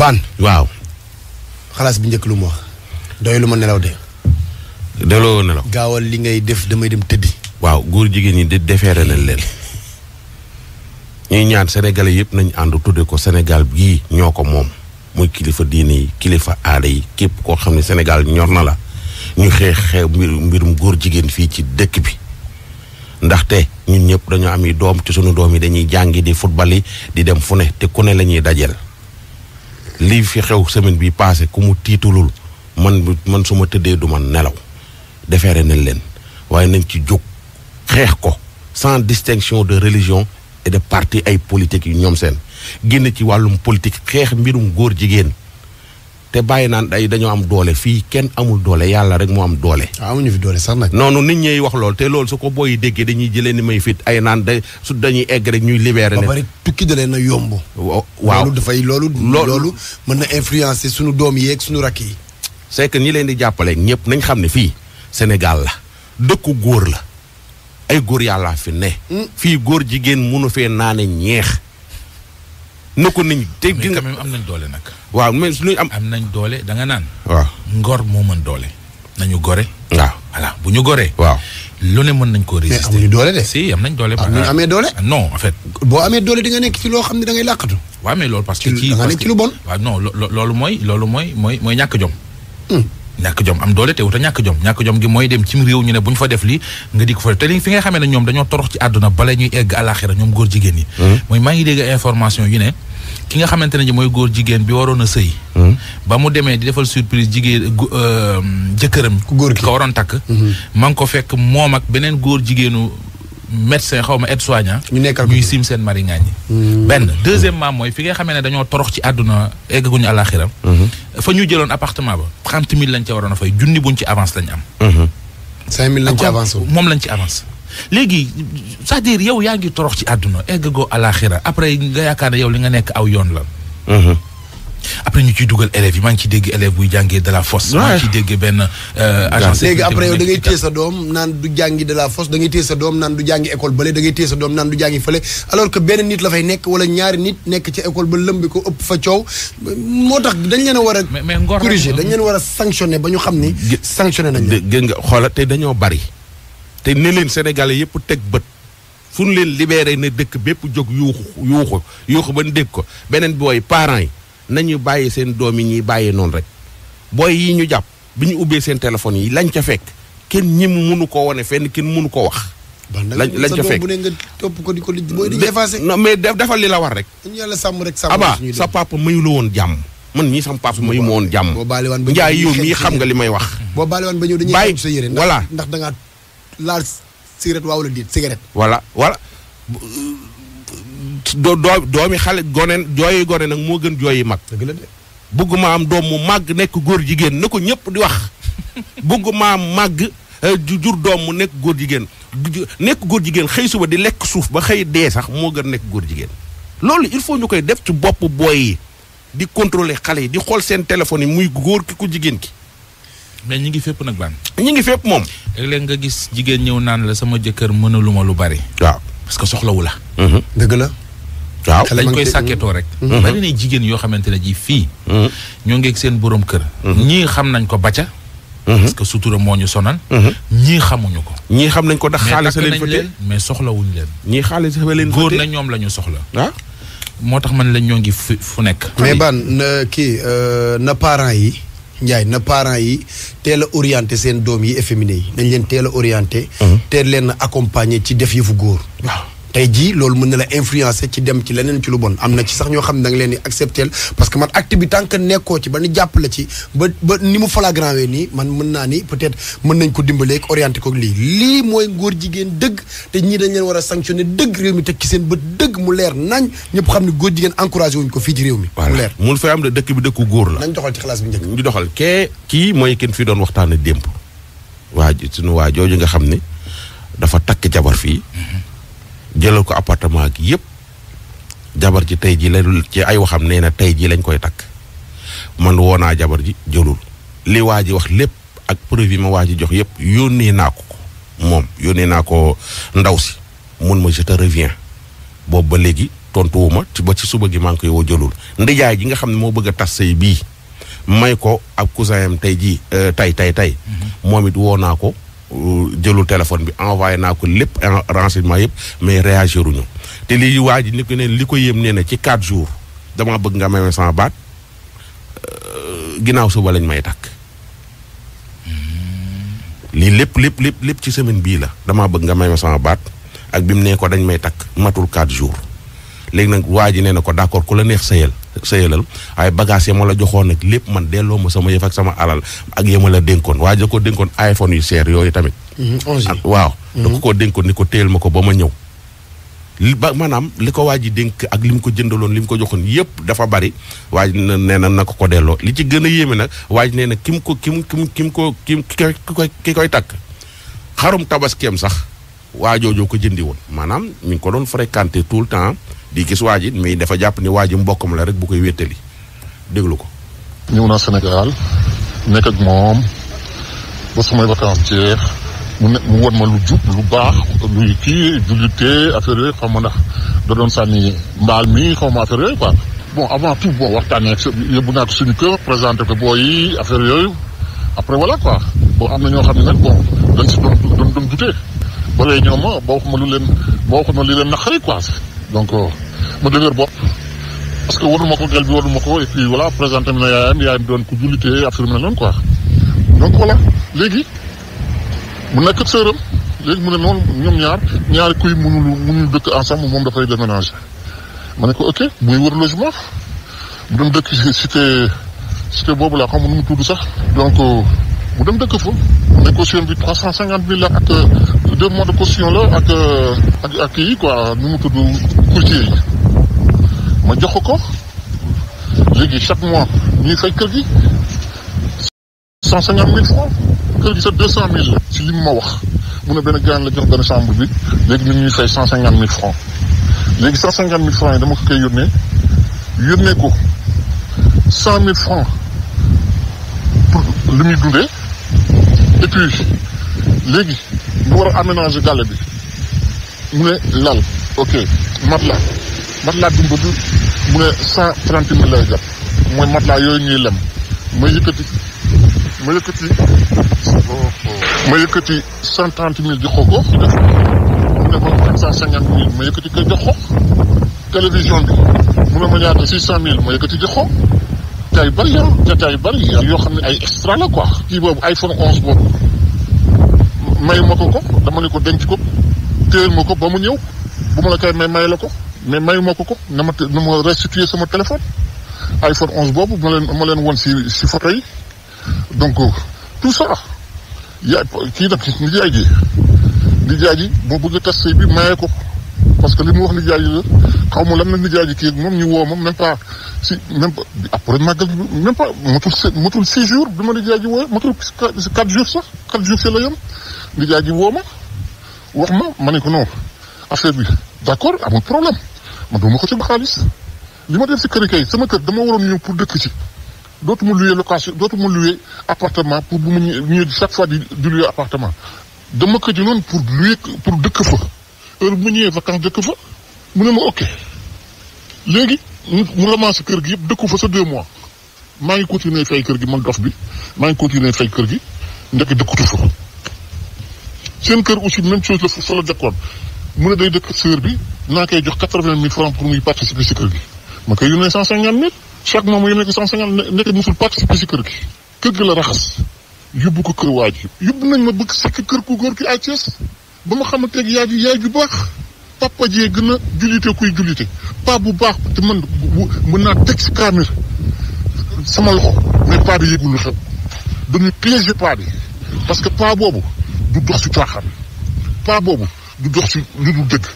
baan waaw. xalaas bi njëkk lu mu wax. doy lu ma nelaw de. daloo nelaw. gaawal li ngay def damay dem tëddi. waaw góor jigéen ñi di defeere nañ leen. ñuy ñaan sénégalais yëpp nañu ànd tudde ko senegal gii ñoo ko moom muy kilifa diine yi kilifa aada yi képp koo xam ne senegal ñor na la ñu xeex xeex mbirum góor jigéen fii ci dëkk bi. ndaxte ñun ñëpp dañoo am i doom ci sunu doom yi dañuy jàngi di football di dem fu ne te ku ne la ñuy dajeel. lii fi xew semaine bi passé ku mu tiitulul man man su ma tëddee du ma nelaw defeere nañ leen waaye nañ ci jóg xeex ko sans distinction de religion et de parti ay politique yu ñoom seen génn ci wàllum politique xeex mbirum góor jigéen te bàyyi naan ay dañoo am doole fii kenn amul doole yàlla rek moo am doole. Ah, amuñu fi doole sax nag. noonu nit ñiy wax loolu te loolu su ko booy déggee dañuy jëlee ni may fit ay naan da su dañuy egg rek ñuy libéré. ba pare tukki dalee na yomb. waaw dafay loolu. loolu mën na influencer suñu doom yeeg suñu rakk yi. sekk ñi leen di jàppale ñëpp nañ xam ne fii Sénégal la dëkku góor la ay góor yàllaa fi ne. Hmm. fii góor jigéen mënu fee naane ñeex. nëkkoon nañu. te gis nga am nañ doole nag. waaw mais am. am nañ doole da nga naan. waaw ngor moo mën doole. nañu gore. waaw voilà bu ñu goree. waaw lu ne mën nañ koo résister. doole de. si am nañ doole. ah ñu amee doole. Ah, non en fait. boo amee doole di nekk ci loo xam ne da ngay làqatu. waaw mais loolu parce que. ci da nga nekk ci lu bon. waaw non loolu mooy loolu mooy mooy mooy ñàkk jom. Hmm. ñàkk jom am doole te wuta ñàkk jom ñàkk jom gi mooy dem cim réew ñu ne bu ñu fa def lii nga di ko te fi nga xamee ne ñoom dañoo torox ci àdduna bala ñuy egg àlaxira ñoom góor jigéen yi hmm. mooy maa ki nga xamante ne ji mooy góor jigéen bi waroon a sëy hmm. ba mu demee di defal surprise jigéen euh, jëkkëram góor ki ko waroon takk hmm. ma ngi ko fekk moom ak beneen góor jigéenu médecin xaw ma aide soignant ñu nekkal ñuy sim seen mari ngaañ yi hmm. benn deuxièmement mooy fi nga xamee ne dañoo torox ci àdduna eggaguñu àlaxiram fa ñu jëloon appartement ba trente mille lañ ca waroon a fay junni buñ ci avance lañ am cinq mille lañ ci avance moom lañ ci avance léegi c'est-à-dire yow yaa ngi torox ci àdduna egg goo alaxira après nga yaakaar ne yow li nga nekk aw yoon la. Mhm. après ñu ciy dugal élèves yi maa ci ciy dégg élèves buy jàngee de la fosse. maa benn euh, agence. léegi après yow da téye sa doom naan du jàngi de la fosse da ngay téye sa doom naan du jàngi école bële da ngay téye sa doom naan du jàngi fale alors que benn nit la fay nekk wala ñaari nit nekk ci école ba lëmbi ko ëpp fa coow moo tax dañ leen a war a. corriger dañ leen war a sanctionner ba ñu xam ni. sanctionner nañ leen. gën dañoo bari. te ne leen sénégalais yëpp teg bët fu ñu leen libéré ne dëkk bépp jóg yuuxu yuuxu yuuxu ba ñu dégg ko beneen booy parent yi nañu bàyyi seen doom yi ñuy bàyyee noonu rek booy yi ñu jàpp bi ñu ubbee seen téléphone yi lañ ca fekk kenn ñim mënu ko wone fenn kenn mënu ko wax. lañ lañ ca fekk bu ne nga topp ko di ko mooy di effacé mais defal li la war rek. dañu yàlla sàmm rek sàmm aba sa papa mayu la woon jàmm. man ñii sama papa mayu ma woon jàmm. boo baale woon ba ñëw dañuy xam nga li may wax. boo baale woon ba ñëw dañuy xam sa ndax da laal cigarette waaw wala déet cigarette. voilà voilà doo doo doomi xale gone jooyi gone nag moo gën jooyi mag. dëgg la bëgguma am doom mu màgg nekk góor jigéen na ko ñëpp di wax bëgguma maam màgg eh, jur doom mu nekk góor jigéen nekk góor jigéen xëy suba di lekk suuf ba xëy dee sax moo gën nekk góor jigéen. loolu il faut ñu koy def ci bopp booy yi di contrôler xale yi di xool seen téléphone yi muy góor ki ku jigéen ki. mais ñi ngi fépp nag baan ñi ngi fépp moom. léeg-léeg nga gis jigéen ñëw naan la sama jëkkër mënaluma lu bari. waaw parce que soxlawu la. Mhm. dëgg la. waaw dañ koy sàkketoo rek. Mhm. bari na jigéen yoo xamante ne jii fii. Mhm. ñoo ngi ngeeg seen boroom kër. ñii xam nañ ko bàcca. parce que sutura moo ñu sonal. ñii xamuñu ko. ñii xam nañ ko ndax xaalis a leen fa mais soxlawuñ leen. ñii xaalis a leen góor na ñoom la ñu soxla. Ah? moo tax man lañ ñoo ngi fu nekk. mais baan kii euh, na parents yi. Ndiaye na parents yi teel a orienté seen doom yi efféminé yi nañ leen teel a orienté mhm. teel leen accompagner ci def yëfu góor tey jii loolu mën na la influencer ci dem ci leneen ci lu bon am na ci sax ñoo xam ne da nga leen di accepter parce que man acte bi tant ci ba ñu jàppale ci ni mu flagrant wee man mën naa ni peut-être mën nañ ko dimbalee orienté ko lii lii mooy ngóor jigéen dëgg te ñii dañ leen war a sanctionner dëgg réew teg ci seen bët dëgg mu leer nañ ñëpp xam ne góor jigéen encouragé wuñ ko fii ci réew mi mu leer mun fay am de dëkk bi dëkku góor la nañ doxal ci xalaas bi kee kii mooy kenn fii doon waxtaane démb waa suñu waa jooju nga xam ne dafa takk jabar fii mm-hmm. jëlal ko appartement ak yépp jabar ji tey ji la ci ay waxam nee na tey ji lañ koy takk man woo naa jabar ji jëlul li waa ji wax lépp ak preuve yi ma waa ji jox yépp yónnee naa ko moom yónnee naa ko ndaw si mun ma je te reviens boobu ba léegi tontuwuma ci ba ci suba gi maa ngi koy woo jëlul ndijaay ji nga xam ne moo bëgg a tas sëy bii may ko ab cousin am tey ji tey tey tey moom it woo naa ko jëlul téléphone bi envoyé naa ko lépp renseignement yëpp mais réagiruñu te lii waa ji ni ne li ko yéem nee na ci 4 jours dama bëgg nga may sama baat euh, ginnaaw suba lañ may takk lii lépp lépp lépp lépp ci semaine bii la dama bëgg nga may ma sama baat ak bi mu nee ko dañ may takk matul 4 jours léegi nag waa ji nee na ko d'accord ku la neex sëyal sëyalal waaye bagage ya ma la joxoon nag lépp man delloo ma sama yëf ak sama alal ak ya ma dénkoon waaye da ko dénkoon iPhone yu seer yooyu tamit. Mhm, waaw. da ko mhm. koo dénkoon ni ko téyel ma ko ba ma ñëw. li ba maanaam li ko waa ji dénk ak li mu ko jëndaloon li mu ko joxoon yëpp dafa bari waa ji nee na na ko ko delloo li ci gën a yéeme nag waaj nee na ki mu ko ki mu ki mu ko ki koy ki koy takk xarum tabaskeem sax waa joojoo ko jëndi woon maanaam mu ngi ko doon fréquenté tout le temps. di gis waaj ji mais dafa jàpp ni waa ji mbokkam la rek bu koy wéttali déglu ko. ñëw naa Sénégal nekk ak moom ba samay vacances jeex mu ne mu won ma lu jub lu baax luy kii jullité affaire yooyu xaw ma ndax da doon sànni mbaal mi xaw ma affaire yooyu quoi. waxtaanee yóbbu naa ko suñu kër ko booy yi affaire yooyu après voilà quoi am na ñoo xam ne nag bon dañ si doon doon doon dutee ba ma boo xam ma lu leen boo xam ma li leen naqari quoi. donc euh, mu dëgër bopp parce que waruma ko gel bi waruma ko et puis voilà présenté mi na yaayam yaayam doon ko jullitee affaire bi na noonu quoi donc voilà léegi mu nekk sëram léegi mu ne noonu ñoom ñaar ñaari kuy mënulu mënulu dëkk ensemble moom dafay déménager ma ne ko ok muy wër logement mu dem dëkk cité cité boobu laa xam nu mu tudd sax donc euh, mu dem dëkk fa mu ne caution bi trois cent cinquante mille la ak euh, deux mois de caution la ak ak ak kii quoi nu mu tudd courtier ma jox ko léegi chaque mois ñuy fay kër gi cent cinquante mille francs kër gi sa deux cent mille la si li mu ma wax mu ne benn gaan la jox benn chambre bi léegi ñun ñuy fay cent cinquante mille francs léegi cent cinquante mille francs yi dama ko koy ko cent mille francs pour li muy dundee et léegi mu war a aménager gàlle bi mu ne lal ok matelas matelas bi mu bëgg mu ne cent trente mille lay jàpp mooy matelas yooyu ñuy lem ma yëkkati ma yëkkati ma yëkkati cent trente mille jox ko ko mu ne ko quatre cent cinquante mille ma yëkkati ko jox ko télévision bi mu ne ma ñaata yoo xam ne ay la quoi kii boobu iPhone 11 boobu may ma ko ko dama ne ko denc ko téel ma ko ba mu ñëw bu ma la koy may may la ko mais mayu ma ko ko na ma na ma restituer sama téléphone iPhone 11 boobu ma leen ma leen woon si si photo yi donc tout ça yaay kii nag nijaay ji nijaay ji moo bëgg a tas sëy bi mayee ko parce que li mu wax nijaay ji la xaw ma lan la nijaay ji kii moom ñu woo ma même pas si même pas après màggal même pas matul six matul jours bi ma nijaay ji wooyee matul quatre jours sax quatre jours si la yem nijaay ji woo ma wax ma ma ne ko non affaire bi. d' accord amul problème man dama ko ci xaalis li ma def si kër kay sama kër dama waroon ñëw pour dëkk ci dootuma loué location dootuma loué appartement pour bu mu ñëwee chaque fois di di loué appartement dama ko ji noonu pour loué pour dëkk fa heure bu ñëwee vacance dëkk fa mu ne ma ok léegi mu ramasse kër gi yëpp dëkku fa sa deux mois maa ngi continuer fay kër gi man dof bi maa ngi continuer fay kër gi ndekk dëkkutu fa seen kër aussi même chose la mu ne day dëkk sœur bi naa koy jox quatre-vingt mille francs pour muy participer si kër gi ma koy yónnee cent cinquante mille chaque mois mu yónnee ko cent cinquante nekk nañ ma bëgg sekk kër ku góor ki à Thiès ba ma xamante ne yaay ji yaay ju baax papa jee gën a jullite kuy jullite pa bu baax te man mën naa teg si kaamir sama loxo mais pa bi yëgul lu xew dañuy piéger pa bi parce que pa boobu du dox si caaxaan boobu du dox ci lu dul dëgg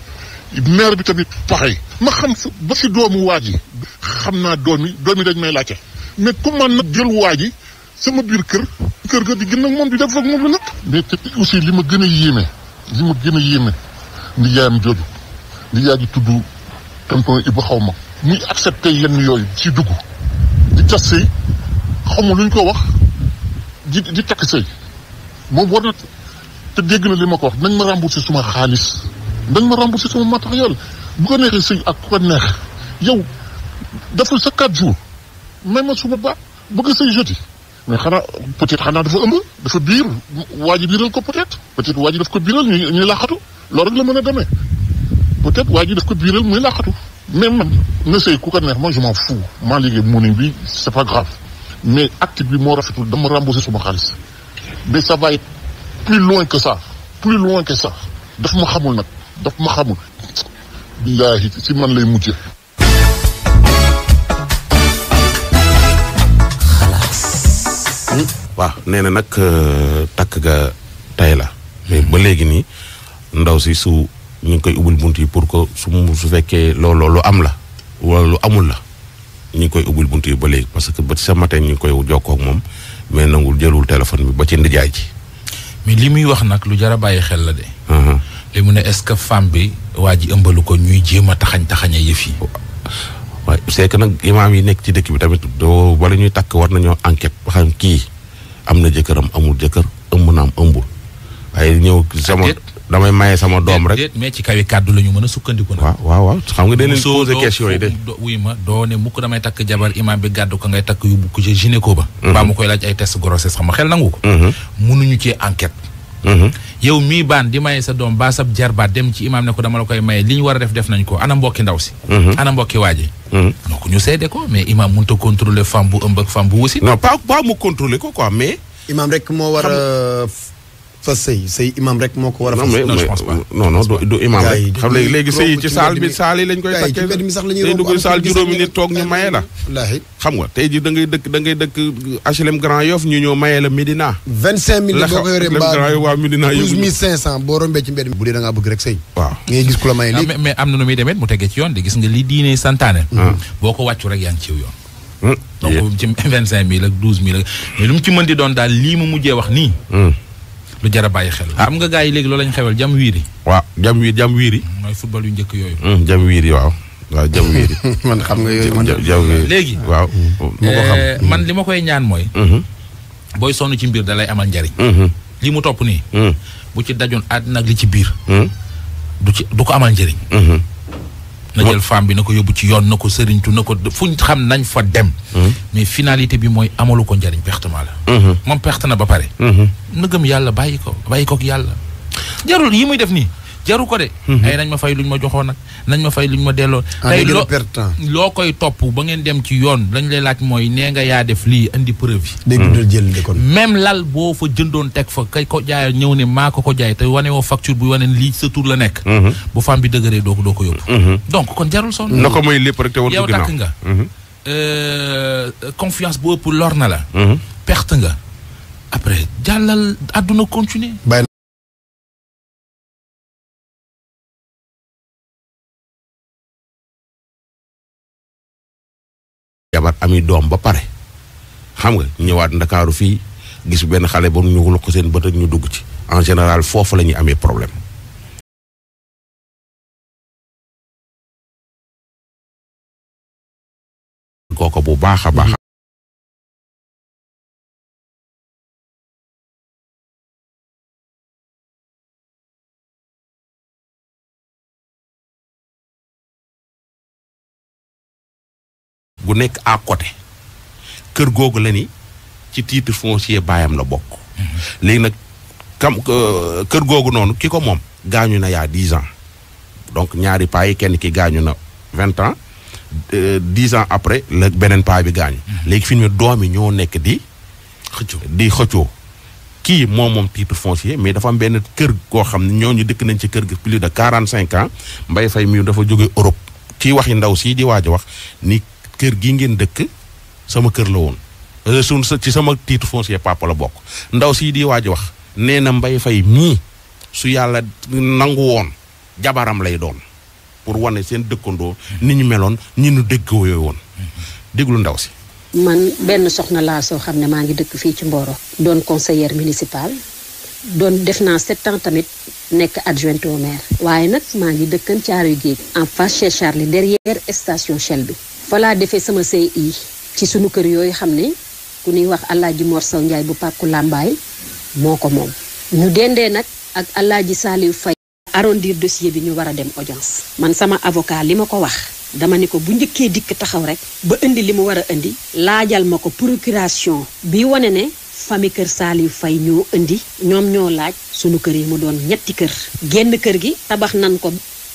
maire bi tamit pareil ma xam fu ba ci doomu waa ji xam naa doom yi doom yi dañ may laajte mais comment nag jël waa ji sama biir kër kër ga di gën ak moom di def ak moom lu nekk aussi li ma gën a yéeme li ma a yéeme ndi yaayam jooju ndi yaay ji xaw ma muy accepté yenn yooyu ci dugg di tas sëy xamu lu ñu ko wax di di takk sëy moom war na te dégg na li ma ko wax nañ ma remboursé suma xaalis dañ ma remboursé suma matériel bu ko neexee ak ku ko neex yow deful sa quatre jours may ma suma ba bëgg a sëy jeudi mais xanaa peut-être xanaa dafa ëmb dafa biir waa ji biiral ko peut-être peut-être daf ko biiral ñuy ñuy laaxatu loolu rek la mën a demee peut-être waa ji daf ko biiral muy laaxatu mais man na sëy ku ko neex moi je m'en fous maa liggéey muuni bi c'est pas grave mais acte bi moo rafetul dama remboursé suma xaalis mais ça va plus loin que ça plus loin que ça daf ma xamul nag daf ma xamul billaahi si man lay mujje waaw nee na nag euh, takk ga tay la mais ba léegi nii ndaw si su ñu ngi koy ubbil bunt yi pour que su su fekkee loolu lu am la wala lu amul la ñu ngi koy ubbil bunt yi ba léegi parce que ba sa matin ñu ngi koy jokkoo ak moom mais nangul jëlul téléphone bi ba ci ndijaay ji mais li muy wax nag lu jar a bàyyi xel la de. li mu ne est-ce que femme bi waa ji ëmbalu ko ñuy jéem a taxañ taxañ yëf yi. waaye c'est que nag imaam yi nekk ci dëkk bi tamit doo wala ñuy takk war nañoo enquête xam kii am na jëkkëram amul jëkkër ëmb am ëmbul waaye ñëw jamono damay maye sama doom rek. mais ci kaw kàddu la mën a sukkandiku. waaw waaw waaw xam nga dañ leen mhm. nga ko. Mhm. Mhm. doom baa sab jarbaat dem ci imaam ne ko dama la koy maye li war a def def nañ ko ana mbokki ndaw si. ana mbokki waaje. donc ñu seede ko mais imaam mënut a contrôler femme bu ëmb ak bu wusi. non pas pas mu ko quoi mais. imaam rek moo war a fa sëy sëy imam rek moo ko war a. non mais non non du imam rek. xam léegi léegi sëy ci saal bi saal yi lañ koy. takkee tey dugg saal juróomi nit toog ñu maye la. xam nga tey ji dëkk da dëkk HLM Grand Yoff ñu ñëw maye la Medina. boo ko yoree H&M rek sëy. Ah, na nu muy demee mu teggee ci yoon de nga ah. ciw yoon hmm. donc ci mu ci mën di doon daal lii mu mujjee wax nii hmm. lu jar a bàyyi xel. Ah, xam nga gars yi léegi loolu lañ xewal jam wiiri. waaw jam wiiri jam wiiri. Mm, mooy football yu njëkk yooyu. Mm, jam wiiri waaw. waaw jam wiiri. man xam nga yooyu man léegi. waaw eh, li ma koy ñaan mooy. Mm-hmm. booy sonn ci mbir da lay amal njariñ. Mm-hmm. li mu topp nii. Mm. bu ci dajoon àddina ak li ci biir. ci du ko amal njariñ. Mm-hmm. na jël femme bi na ko yóbbu ci yoon na ko sëriñtu na ko fuñ xam nañ fa dem. Hmm. mais finalité bi mooy amalu ko njariñ pertement la. Hmm. moom perte na ba pare. Hmm. na gëm yàlla bàyyi ko bàyyi koog yàlla jarul yi muy def nii. jaru ko de. Mhm. ay nañ ma fay luñ ma joxoon nag nañ ma fay luñ ma delloo. Ah, tey loo koy topp ba ngeen dem ci yoon lañ lay laaj mooy nee nga yaa def lii indi preuve yi. Mhm. dégg kon. même lal boo fa jëndoon teg fa kay ko jaaya ñëw ne maa ko ko jaay te wane woo facture bu wane lii sa tur la nekk. Mhm. bu femme bi dëgëree doo ko doo ko yóbbu. donc kon jarul sonn. na ko mooy lépp rek te war yow takk euh, confiance bu ëpp lor na la. perte nga après jàllal àdduna continuer. jabar ami doom ba pare xam nga ñëwaat ndakaaru fi gis benn xale ba ñu luq seen bët ak ñu dugg ci en général foofu lañuy amee problème. bu baax a baax. gu nekk à côté kër googu la ni ci tiit foncier baayam la bokk. Mhm. léegi nag kam euh, kër googu noonu ki ko moom gaañu na yaa dix ans donc ñaari paa yi kenn ki gaañu na vingt ans euh, dix an après la beneen paa bi gaañu. Mhm. léegi fi mu doom yi ñoo nekk di. xëccoo di xëccoo. kii moom moom titre foncier mais dafa am benn kër koo xam ne ñu dëkk nañ ci kër gi plus de quarante cinq ans Mbaye Faye mi dafa jóge Europe. kii waxi ndaw sii di waaj a wax ni kër gi ngeen dëkk sama kër la woon euh, sun ci sama titre foncier papa la bokk ndaw sii di waaj wax nee na mbay fay mii su yàlla nangu woon jabaram lay doon pour wane seen dëkkandoo ni ñu meloon ñi ñu déggoo yooyu woon ndaw si man benn soxna laa soo xam ne maa ngi dëkk fii ci Mboro doon conseillère municipale doon def naa sept tamit nekk adjointe au maire waaye nag maa ngi dëkkan Caaroy Géej en face chez derrière station Shell bi falaa defee sama sëy yi ci sunu kër yooyu xam ne ku ñuy wax alaaji Mor Sow Ndiaye bu pàkku làmbaay moo ko moom ñu dendee nag ak alaaji Saliou Faye arrondir dossier bi ñu war a dem audience man sama avocat li ma ko wax dama ni ko bu njëkkee dikk taxaw rek ba indi li mu war a indi laajal ma ko procuration bi wane ne famille kër Saliou fay ñoo indi ñoom ñoo laaj sunu kër yi mu doon ñetti kër génn kër gi tabax nan ko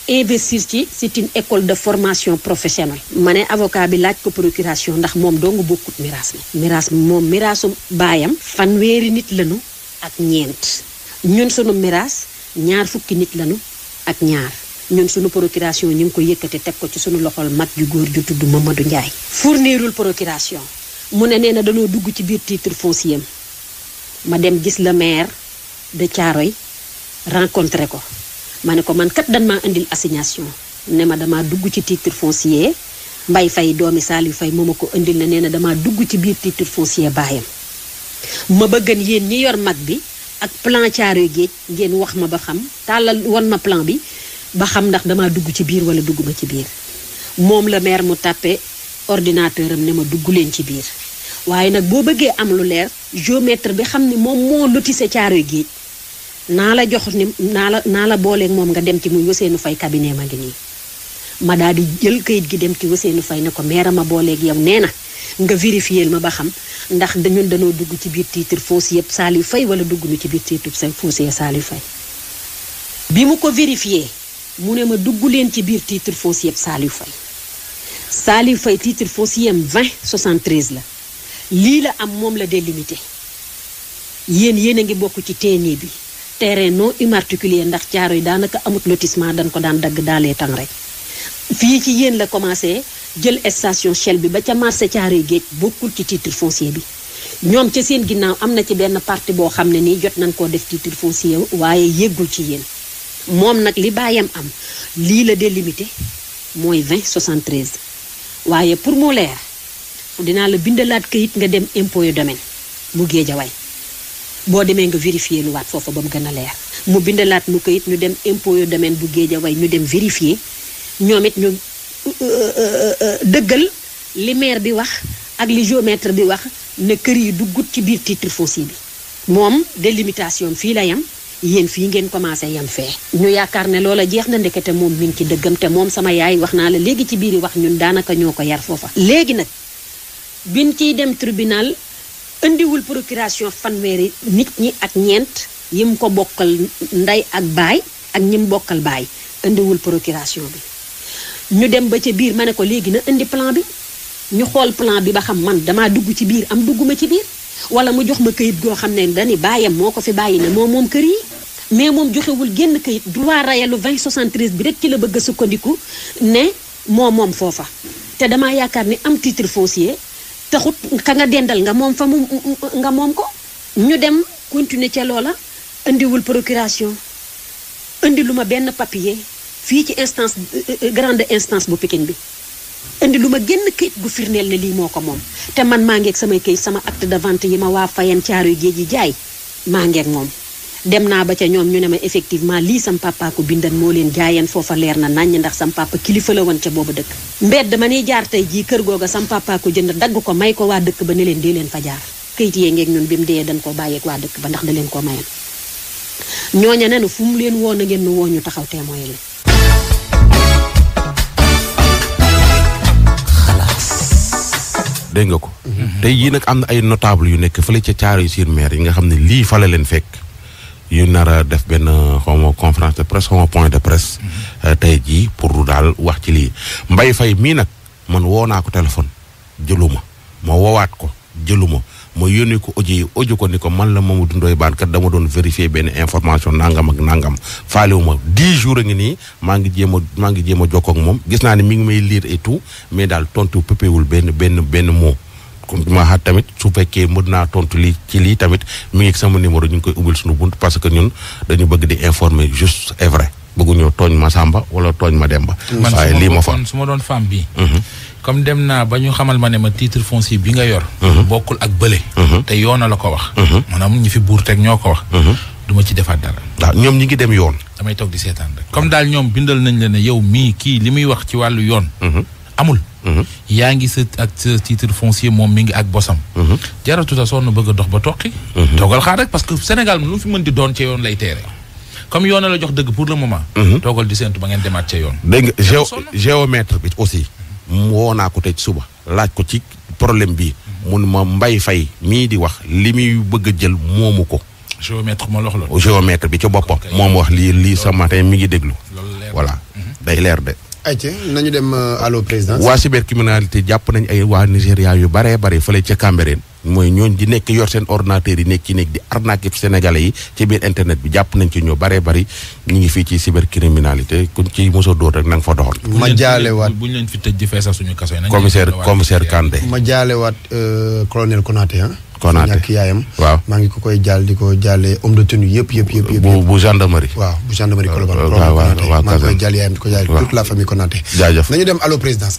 investir ci c'est une école de formation professionnelle ma ne avocat bi laaj ko procuration ndax moom dong bokkut miraas mi miraas moom miraasum baayam fanweeri nit lanu ak ñeent ñun sunu miraas ñaar fukki nit lanu ak ñaar ñun sunu procuration ñu ngi ko yëkkate teg ko ci sunu loxol mag ju góor ju tudd Mamadou Ndiaye fournirul procuration mu ne nee na dañoo dugg ci biir titre foncier ma dem gis la maire de Thiaroye rencontré ko ma ne ko man kat dan maa indil assignation ne ma damaa dugg ci titre foncier mbay fay doomi Saliou Fay moo ma ko indil na nee na damaa dugg ci biir titre foncier baayam ma bëggan yéen ñi yor mag bi ak plan Caaroy Géej ngeen wax ma ba xam tàllal wan ma plan bi ba xam ndax damaa dugg ci biir wala dugg ma ci biir moom la maire mu tàppe ordinateur am ne ma dugg leen ci biir waaye nag boo bëggee am lu leer géomètre bi xam ne moom moo lotissé Caaroy Géej naa la jox ni naa la naa la booleeg moom nga dem ci muy Ousseynou Faye cabinet ma ngi nii ma daal di jël kayit gi dem ci Ousseynou fay ne ko meera ma booleek yow nee na nga vérifier ma ba xam ndax dañun dañoo dugg ci biir titre foncier yëpp saali fay wala dugg ñu ci biir titre foncier Saliou Faye bi mu ko vérifier mu ne ma dugg leen ci biir titre yëpp Saliou Faye Saliou Faye titre foncier am la lii la am moom la délimité yéen yéen a ngi bokk ci teeni bi terrain non immatriculé ndax caaro yi daanaka amut lotissement dañ ko daan dagg daalee tan rek fii ci yéen la commencé jël station Shell bi ba ca marché caaro yi géej bokkul ci titre foncier bi ñoom ca seen ginnaaw am na ci benn parti boo xam ne nii jot nañ koo def titre foncier waaye yëggul ci yéen moom nag li baayam am lii la délimité mooy vingt 20 73 waaye pour mu leer dinaa la bindalaat kayit nga dem impôt yu domaine bu géejawaay boo demee nga vérifier lu waat foofa ba mu gën a leer mu bindalaat nu ko it ñu dem impôt yu domaine bu Guédiawaye ñu dem vérifier ñoom it ñu euh, euh, euh, dëggal li bi wax ak li géomètre bi wax ne kër yi duggut ci biir titre foncier bi moom délimitation fii la yam yéen fii ngeen commencé yam fee ñu yaakaar ne loola jeex na ndekete moom mi ngi ci dëggam te moom sama yaay wax naa la léegi ci biir biiri wax ñun daanaka ñoo ko yar foofa léegi nag biñ ciy dem indiwul procuration fanweeri nit ñi ak ñeent yim ko bokkal ndey ak baay ak ñim bokkal baay indiwul procuration bi ñu dem ba ca biir ma ne ko léegi na indi plan bi ñu xool plan bi ba xam man damaa dugg ci biir am dugguma ci biir wala mu jox ma këyit goo xam ne dani baayam moo ko fi bàyyi na moo moom kër yi mais moom joxewul génn këyit droit rayalu 2073 bi rek ci la bëgg sukkandiku ne moo moom foofa te damaa yaakaar ni am tiitre foncier taxut ka nga dendal nga moom fa mu nga moom ko ñu dem continuer ca loola indiwul procuration indi lu ma benn papier fii ci instance euh, grande instance bu Pikine bi indi lu ma génn këyit gu firndeel ne lii moo ko moom te man maa ngeeg sama këyit sama acte de vente yi ma waa fayen caaru géej yi jaay maa ngeeg moom dem naa ba ca ñoom ñu ne ma effectivement lii sam papa ko bindan moo leen jaayeen foofa leer na naññ ndax sam papa kilifa la woon ca boobu dëkk mbedd ma niy jaar tey jii kër googa sam papa jënd dagg ko may ko waa dëkk ba ne leen dee leen fa jaar këyit yee ngeeg ñun bi mu dee dañ ko bàyyeeg waa dëkk ba ndax da leen ko mayen ñooña nenu fu mu leen woo na ngeen nu woo ñu taxaw témoin leen dégg nga ko mhm. tey yii nag am na ay notable yu nekk fële ca Thiaroye sur Mer yi nga xam ne lii fale leen fekk yu nar a def benn xawma conférence de presse xawma point de presse euh, tey jii pour daal wax ci lii mbay fay mii nag man woo naa ko téléphone jëluma ma woowaat ko jëluma ma yónnee ko audio yi audio ko ni ko man la moom Mamadou Ndoye Bane kat dama doon vérifier benn information nangam ak nangam faalewuma dix jours a ngi nii maa ngi jéem a maa ngi jéem a jokkoo moom gis naa ne mi ngi may liir et tout mais daal tontu pëppewul benn benn benn mot comme du ma xaat tamit fekkee mën naa tontu lii lii tamit mi sama numéro ñu ngi koy ubbil suñu bunt parce que ñun dañu bëgg di informer juste et vrai bëgguñoo tooñ ma Samba wala tooñ ma Demba. waaye lii ma fa su ma doon femme bi. Mhm. comme dem naa ba ñu xamal ma ne ma titre foncier bi nga yor. Mhm. bokkul ak bële. Mhm. te yoon a la ko wax. maanaam ñi fi buur teg ñoo ko wax. du ma ci defaat dara. waaw ñoom ñi ngi dem yoon. damay toog di seetaan rek comme daal ñoom bindal nañ la ne yow mii kii li muy wax ci wàllu yoon. amul. Mm-hmm. yaa ngi sa ak sa titre foncier moom mi ngi ak bosam. Mm-hmm. jaratuta sonn bëgg a dox ba tokki. Mm-hmm. toogal xaar rek parce que Sénégal lu mu fi mën di doon ci yoon lay teere. comme yoon la jox dëgg pour le moment. toogal di séntu ba ngeen demaat ca yoon. dégg nga géomètre bi aussi. woo naa ko tey suba. laaj ko ci problème bi mun ma mbay fay mii di wax li muy bëgg a jël moomu ko. géomètre ma la. géomètre bi ci boppam. moom wax lii lii sa matin mi ngi déglu. voilà day leer de. ayca nañu dem euh, allo président. waa cybercriminalité jàpp nañ ay waa Nigéria yu baree bare fële ca Cambérène mooy ñooñ di nekk yor seen ordinateur yi nekk ci nekk di arnaque sénégalais yi ci biir internet bi jàpp nañ ci ñoo baree bari ñu ngi fii ci cybercriminalité kun ci moso a dóor rek na nga fa doxoon. ma jaalewaat bu ñu leen fi tëj di feesal suñu kaso yi commissaire commissaire Kandé. ma jaalewaat euh, colonel Konaté ah. Konaté ñàkk yaayam waaw maa ngi ko koy jaal di ko jaalee homme de tenue yëpp yëpp yëpp yëpp bu bu gendarmerie waaw bu gendarmerie Colobane maa ngi koy jaal yaayam di la famille Konaté jaajëf nañu dem allo